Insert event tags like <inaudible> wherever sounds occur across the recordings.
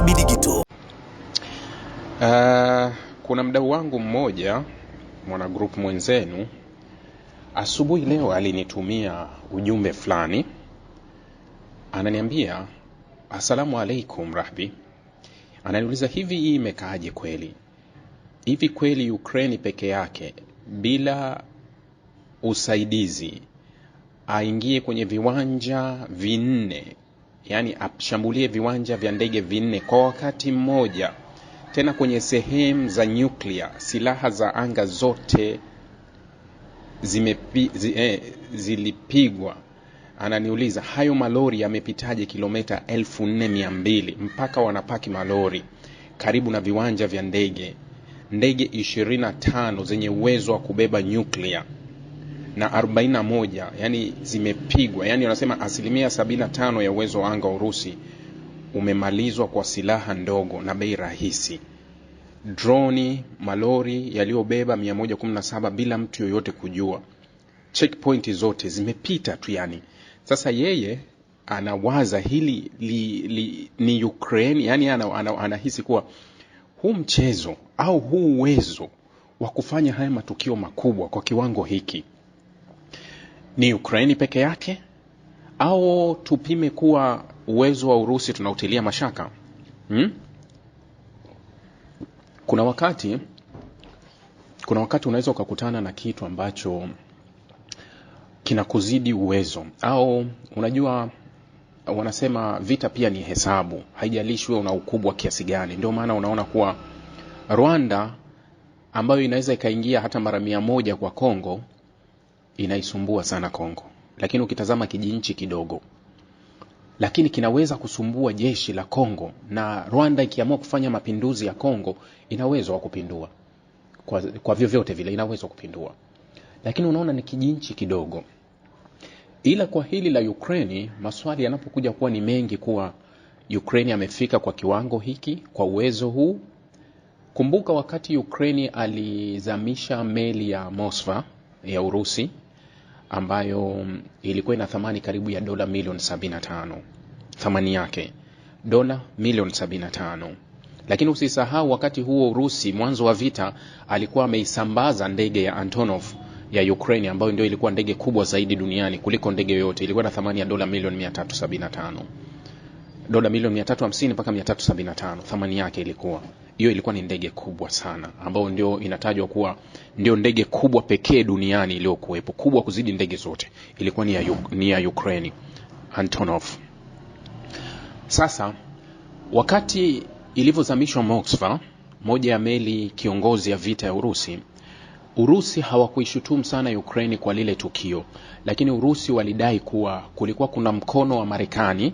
HB Uh, kuna mdau wangu mmoja mwana group mwenzenu asubuhi leo alinitumia ujumbe fulani, ananiambia asalamu alaikum Rahbi, ananiuliza hivi, hii imekaaje kweli? Hivi kweli Ukraine peke yake bila usaidizi aingie kwenye viwanja vinne yani ashambulie viwanja vya ndege vinne kwa wakati mmoja, tena kwenye sehemu za nyuklia. Silaha za anga zote zimepi, zi, eh, zilipigwa. Ananiuliza, hayo malori yamepitaje kilomita 4200 mpaka wanapaki malori karibu na viwanja vya ndege? Ndege 25 zenye uwezo wa kubeba nyuklia na 41 yani zimepigwa, yani wanasema asilimia 75 ya uwezo wa anga wa Urusi umemalizwa kwa silaha ndogo na bei rahisi. Droni, malori yaliyobeba 117 bila mtu yoyote kujua. Checkpoint zote zimepita tu yani. Sasa yeye anawaza hili li, li, ni Ukraine, yani ana, ana, kuwa huu mchezo au huu uwezo wa kufanya haya matukio makubwa kwa kiwango hiki ni Ukraini peke yake au tupime kuwa uwezo wa Urusi tunautilia mashaka hmm? Kuna wakati kuna wakati unaweza ukakutana na kitu ambacho kinakuzidi uwezo, au unajua wanasema vita pia ni hesabu, haijalishi una ukubwa kiasi gani. Ndio maana unaona kuwa Rwanda ambayo inaweza ikaingia hata mara mia moja kwa Kongo inaisumbua sana Kongo, lakini ukitazama kijinchi kidogo, lakini kinaweza kusumbua jeshi la Kongo, na Rwanda ikiamua kufanya mapinduzi ya Kongo ina uwezo wa kupindua kwa, kwa vyovyote vile ina uwezo kupindua, lakini unaona ni kijinchi kidogo. Ila kwa hili la Ukraine maswali yanapokuja kuwa ni mengi kuwa Ukraine amefika kwa kiwango hiki kwa uwezo huu. Kumbuka wakati Ukraine alizamisha meli ya Moskva ya Urusi ambayo mm, ilikuwa ina thamani karibu ya dola milioni 75, thamani yake dola milioni 75. Lakini usisahau wakati huo Urusi mwanzo wa vita alikuwa ameisambaza ndege ya Antonov ya Ukraine ambayo ndio ilikuwa ndege kubwa zaidi duniani kuliko ndege yoyote, ilikuwa na thamani ya dola milioni 375 dola milioni 350 mpaka 375 thamani yake ilikuwa hiyo. Ilikuwa ni ndege kubwa sana, ambayo ndio inatajwa kuwa ndio ndege kubwa pekee duniani iliyokuwepo, kubwa kuzidi ndege zote, ilikuwa ni ya, ni ya Ukraine Antonov. Sasa wakati ilivyozamishwa Moskva, moja ya meli kiongozi ya vita ya Urusi, Urusi hawakuishutumu sana Ukraine kwa lile tukio, lakini Urusi walidai kuwa kulikuwa kuna mkono wa Marekani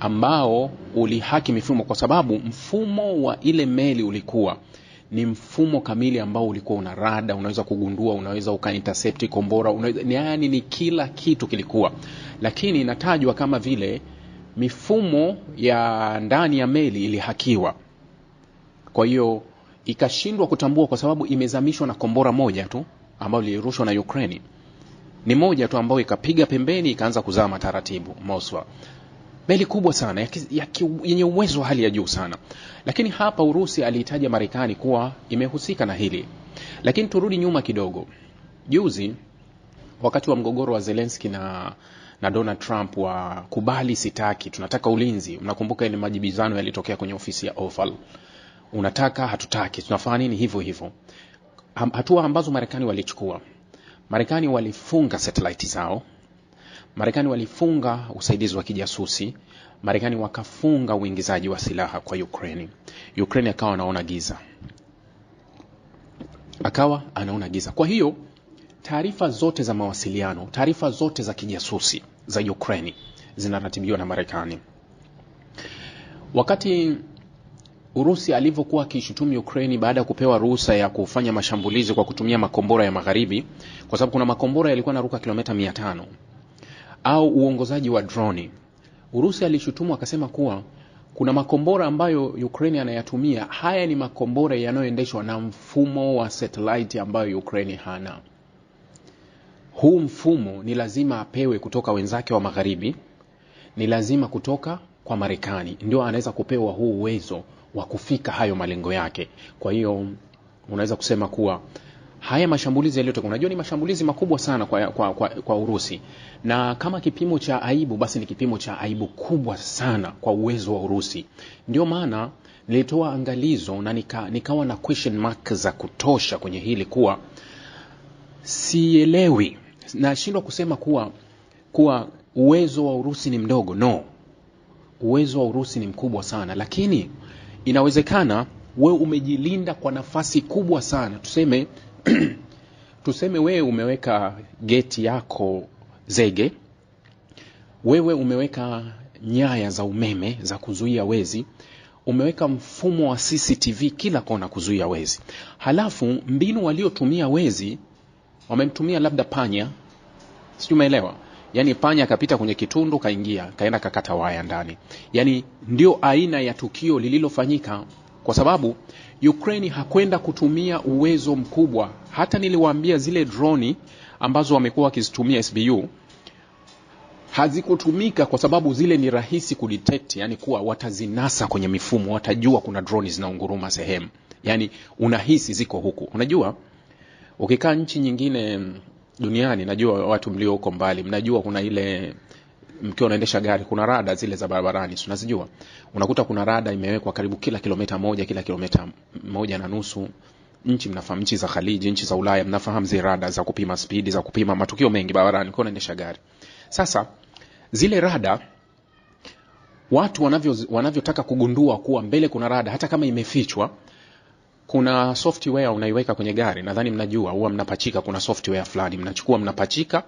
ambao ulihaki mifumo, kwa sababu mfumo wa ile meli ulikuwa ni mfumo kamili ambao ulikuwa una rada, unaweza kugundua, unaweza ukaintercept kombora, unaweza yaani, ni kila kitu kilikuwa, lakini inatajwa kama vile mifumo ya ndani ya meli ilihakiwa, kwa hiyo ikashindwa kutambua, kwa sababu imezamishwa na kombora moja tu ambayo lilirushwa na Ukraine, ni moja tu ambayo ikapiga pembeni, ikaanza kuzama taratibu Moswa meli kubwa sana yenye uwezo wa hali ya juu sana. Lakini hapa Urusi aliitaja Marekani kuwa imehusika na hili. Lakini turudi nyuma kidogo, juzi wakati wa mgogoro wa zelenski na na Donald Trump wa kubali sitaki, tunataka ulinzi. Mnakumbuka ile majibizano yalitokea kwenye ofisi ya Oval, unataka hatutaki, tunafanya nini? Hivyo hivyo hatua ambazo Marekani walichukua, Marekani walifunga satellite zao Marekani walifunga usaidizi wa kijasusi, Marekani wakafunga uingizaji wa silaha kwa Ukraine. Ukraine akawa anaona giza, akawa anaona giza. Kwa hiyo taarifa zote za mawasiliano, taarifa zote za kijasusi za Ukraine zinaratibiwa na Marekani. Wakati Urusi alivyokuwa akishutumu Ukraine baada ya kupewa ruhusa ya kufanya mashambulizi kwa kutumia makombora ya magharibi, kwa sababu kuna makombora yalikuwa naruka kilomita au uongozaji wa droni. Urusi alishutumu akasema kuwa kuna makombora ambayo Ukraine anayatumia, haya ni makombora yanayoendeshwa na mfumo wa satellite ambayo Ukraine hana. Huu mfumo ni lazima apewe kutoka wenzake wa magharibi, ni lazima kutoka kwa Marekani ndio anaweza kupewa huu uwezo wa kufika hayo malengo yake. Kwa hiyo unaweza kusema kuwa haya mashambulizi yaliyotokea, unajua ni mashambulizi makubwa sana kwa, kwa, kwa, kwa Urusi, na kama kipimo cha aibu, basi ni kipimo cha aibu kubwa sana kwa uwezo wa Urusi. Ndio maana nilitoa angalizo na nika, nikawa na question mark za kutosha kwenye hili kuwa sielewi, nashindwa kusema kuwa kuwa uwezo wa Urusi ni mdogo. No, uwezo wa Urusi ni mkubwa sana, lakini inawezekana wewe umejilinda kwa nafasi kubwa sana, tuseme <clears throat> tuseme wewe umeweka geti yako zege, wewe umeweka nyaya za umeme za kuzuia wezi, umeweka mfumo wa CCTV kila kona kuzuia wezi, halafu mbinu waliotumia wezi wamemtumia labda panya, sijui umeelewa? Yaani panya akapita kwenye kitundu kaingia, kaenda kakata waya ndani. Yaani ndio aina ya tukio lililofanyika kwa sababu Ukraine hakwenda kutumia uwezo mkubwa. Hata niliwaambia zile droni ambazo wamekuwa wakizitumia SBU hazikutumika kwa sababu zile ni rahisi kudetect, yani kuwa watazinasa kwenye mifumo, watajua kuna droni zinaunguruma sehemu, yani unahisi ziko huku. Unajua, ukikaa nchi nyingine duniani, najua watu mlio huko mbali, mnajua kuna ile mkiwa unaendesha gari, kuna rada zile za barabarani, unazijua? Unakuta kuna rada imewekwa karibu kila kilomita moja, kila kilomita moja na nusu. Nchi mnafahamu, nchi za Khaliji, nchi za Ulaya, mnafahamu zile rada za kupima spidi, za kupima matukio mengi barabarani, kwa unaendesha gari. Sasa zile rada watu wanavyo wanavyotaka kugundua kuwa mbele kuna rada, hata kama imefichwa kuna software unaiweka kwenye gari, nadhani mnajua, huwa mnapachika, kuna software fulani mnachukua, mnapachika,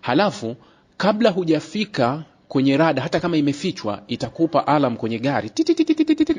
halafu kabla hujafika kwenye rada hata kama imefichwa itakupa alam kwenye gari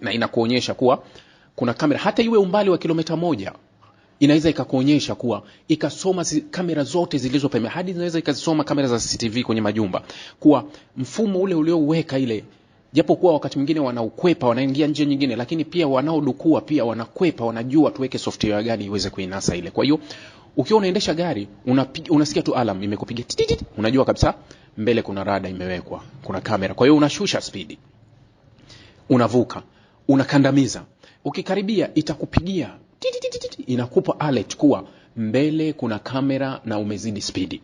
na inakuonyesha kuwa kuna kamera hata iwe umbali wa kilomita moja inaweza ikakuonyesha kuwa ikasoma zi, kamera zote zilizo pembeni hadi zinaweza ikazisoma kamera za CCTV kwenye majumba kuwa mfumo ule ulioweka ile japokuwa wakati mwingine wanaukwepa wanaingia njia nyingine lakini pia wanaodukua pia wanakwepa wanajua tuweke software gani iweze kuinasa ile kwa hiyo ukiwa unaendesha gari unapiga, unasikia tu alarm imekupiga tititi, unajua kabisa mbele kuna rada imewekwa, kuna kamera. Kwa hiyo unashusha spidi, unavuka, unakandamiza. Ukikaribia itakupigia tititi, inakupa alert kuwa mbele kuna kamera na umezidi spidi.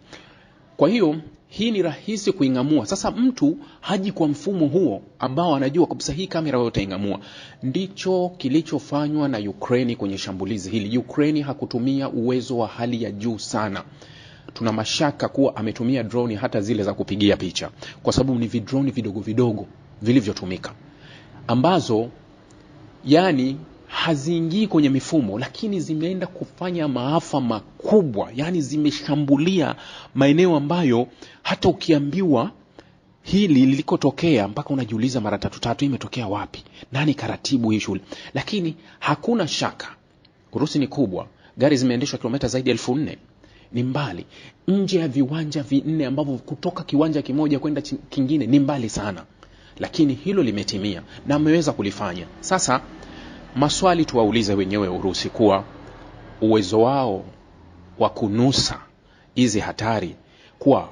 Kwa hiyo hii ni rahisi kuing'amua. Sasa mtu haji kwa mfumo huo ambao anajua kabisa hii kamera yote ing'amua. Ndicho kilichofanywa na Ukraini kwenye shambulizi hili. Ukraini hakutumia uwezo wa hali ya juu sana tuna mashaka kuwa ametumia droni hata zile za kupigia picha, kwa sababu ni vidroni vidogo vidogo vilivyotumika ambazo yani haziingii kwenye mifumo, lakini zimeenda kufanya maafa makubwa, yaani zimeshambulia maeneo ambayo hata ukiambiwa hili lilikotokea mpaka unajiuliza mara tatu tatu, imetokea wapi? Nani karatibu hii shule? Lakini hakuna shaka, Urusi ni kubwa, gari zimeendeshwa kilomita zaidi ya elfu nne ni mbali, nje ya viwanja vinne ambavyo kutoka kiwanja kimoja kwenda kingine ni mbali sana, lakini hilo limetimia na ameweza kulifanya sasa maswali tuwaulize wenyewe Urusi kuwa uwezo wao wa kunusa hizi hatari kuwa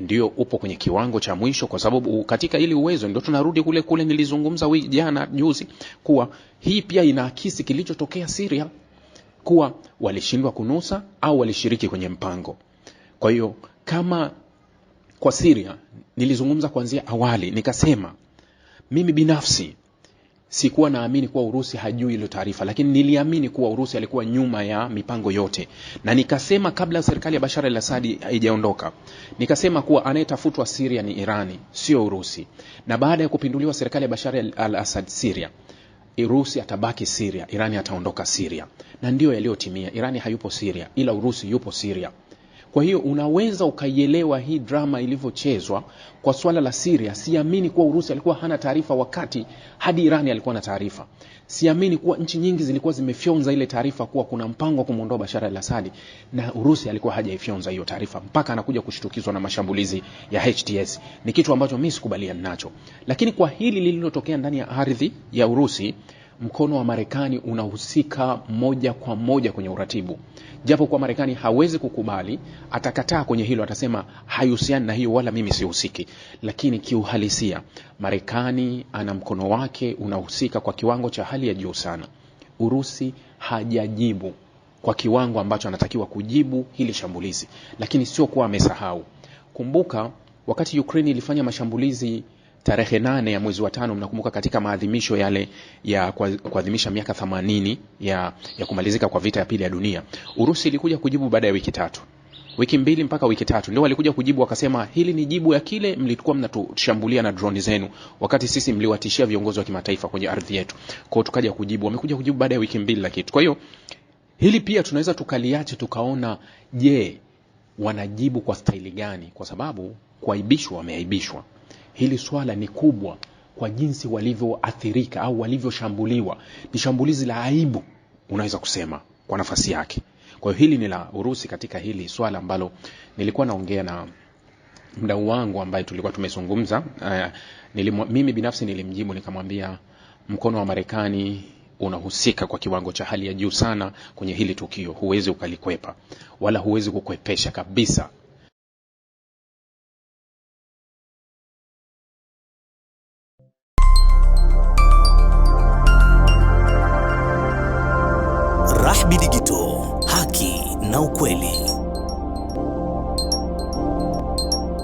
ndio upo kwenye kiwango cha mwisho, kwa sababu katika ili uwezo ndio tunarudi kule kule nilizungumza jana juzi kuwa hii pia inaakisi kilichotokea Syria kuwa walishindwa kunusa au walishiriki kwenye mpango. Kwa hiyo kama kwa Syria nilizungumza kuanzia awali, nikasema mimi binafsi sikuwa naamini kuwa Urusi hajui hilo taarifa, lakini niliamini kuwa Urusi alikuwa nyuma ya mipango yote, na nikasema kabla serikali ya Bashar al-Assad haijaondoka, nikasema kuwa anayetafutwa Syria ni Irani, sio Urusi. Na baada ya kupinduliwa serikali ya Bashar al-Assad Syria, Urusi atabaki Syria, Irani ataondoka Syria, na ndiyo yaliyotimia. Irani hayupo Syria, ila Urusi yupo Syria. Kwa hiyo unaweza ukaielewa hii drama ilivyochezwa kwa swala la Syria. Siamini kuwa Urusi alikuwa hana taarifa, wakati hadi Irani alikuwa na taarifa. Siamini kuwa nchi nyingi zilikuwa zimefyonza ile taarifa kuwa kuna mpango wa kumwondoa Bashar al na Urusi alikuwa hajaifyonza hiyo taarifa mpaka anakuja kushtukizwa na mashambulizi ya HTS. Ni kitu ambacho mi sikubaliani nacho, lakini kwa hili lililotokea ndani ya ardhi ya Urusi mkono wa Marekani unahusika moja kwa moja kwenye uratibu, japo kwa Marekani hawezi kukubali, atakataa kwenye hilo, atasema haihusiani na hiyo wala mimi sihusiki. Lakini kiuhalisia, Marekani ana mkono wake unahusika kwa kiwango cha hali ya juu sana. Urusi hajajibu kwa kiwango ambacho anatakiwa kujibu hili shambulizi, lakini sio kuwa amesahau. Kumbuka wakati Ukraine ilifanya mashambulizi tarehe nane ya mwezi wa tano, mnakumbuka katika maadhimisho yale ya kuadhimisha miaka themanini ya, ya kumalizika kwa vita ya pili ya dunia, Urusi ilikuja kujibu baada ya wiki tatu wiki mbili mpaka wiki tatu ndio walikuja kujibu, wakasema hili ni jibu ya kile mlikuwa mnatushambulia na droni zenu, wakati sisi mliwatishia viongozi wa kimataifa kwenye ardhi yetu. Kwao tukaja kujibu, wamekuja kujibu baada ya wiki mbili la kitu. Kwa hiyo hili pia tunaweza tukaliache tukaona, je, wanajibu kwa staili gani? Kwa sababu kuaibishwa, wameaibishwa hili swala ni kubwa kwa jinsi walivyoathirika au walivyoshambuliwa. Ni shambulizi la aibu, unaweza kusema kwa nafasi yake. Kwa hiyo hili ni la Urusi katika hili swala ambalo nilikuwa naongea na mdau wangu ambaye tulikuwa tumezungumza. Eh, mimi binafsi nilimjibu nikamwambia mkono wa Marekani unahusika kwa kiwango cha hali ya juu sana kwenye hili tukio, huwezi ukalikwepa wala huwezi kukwepesha kabisa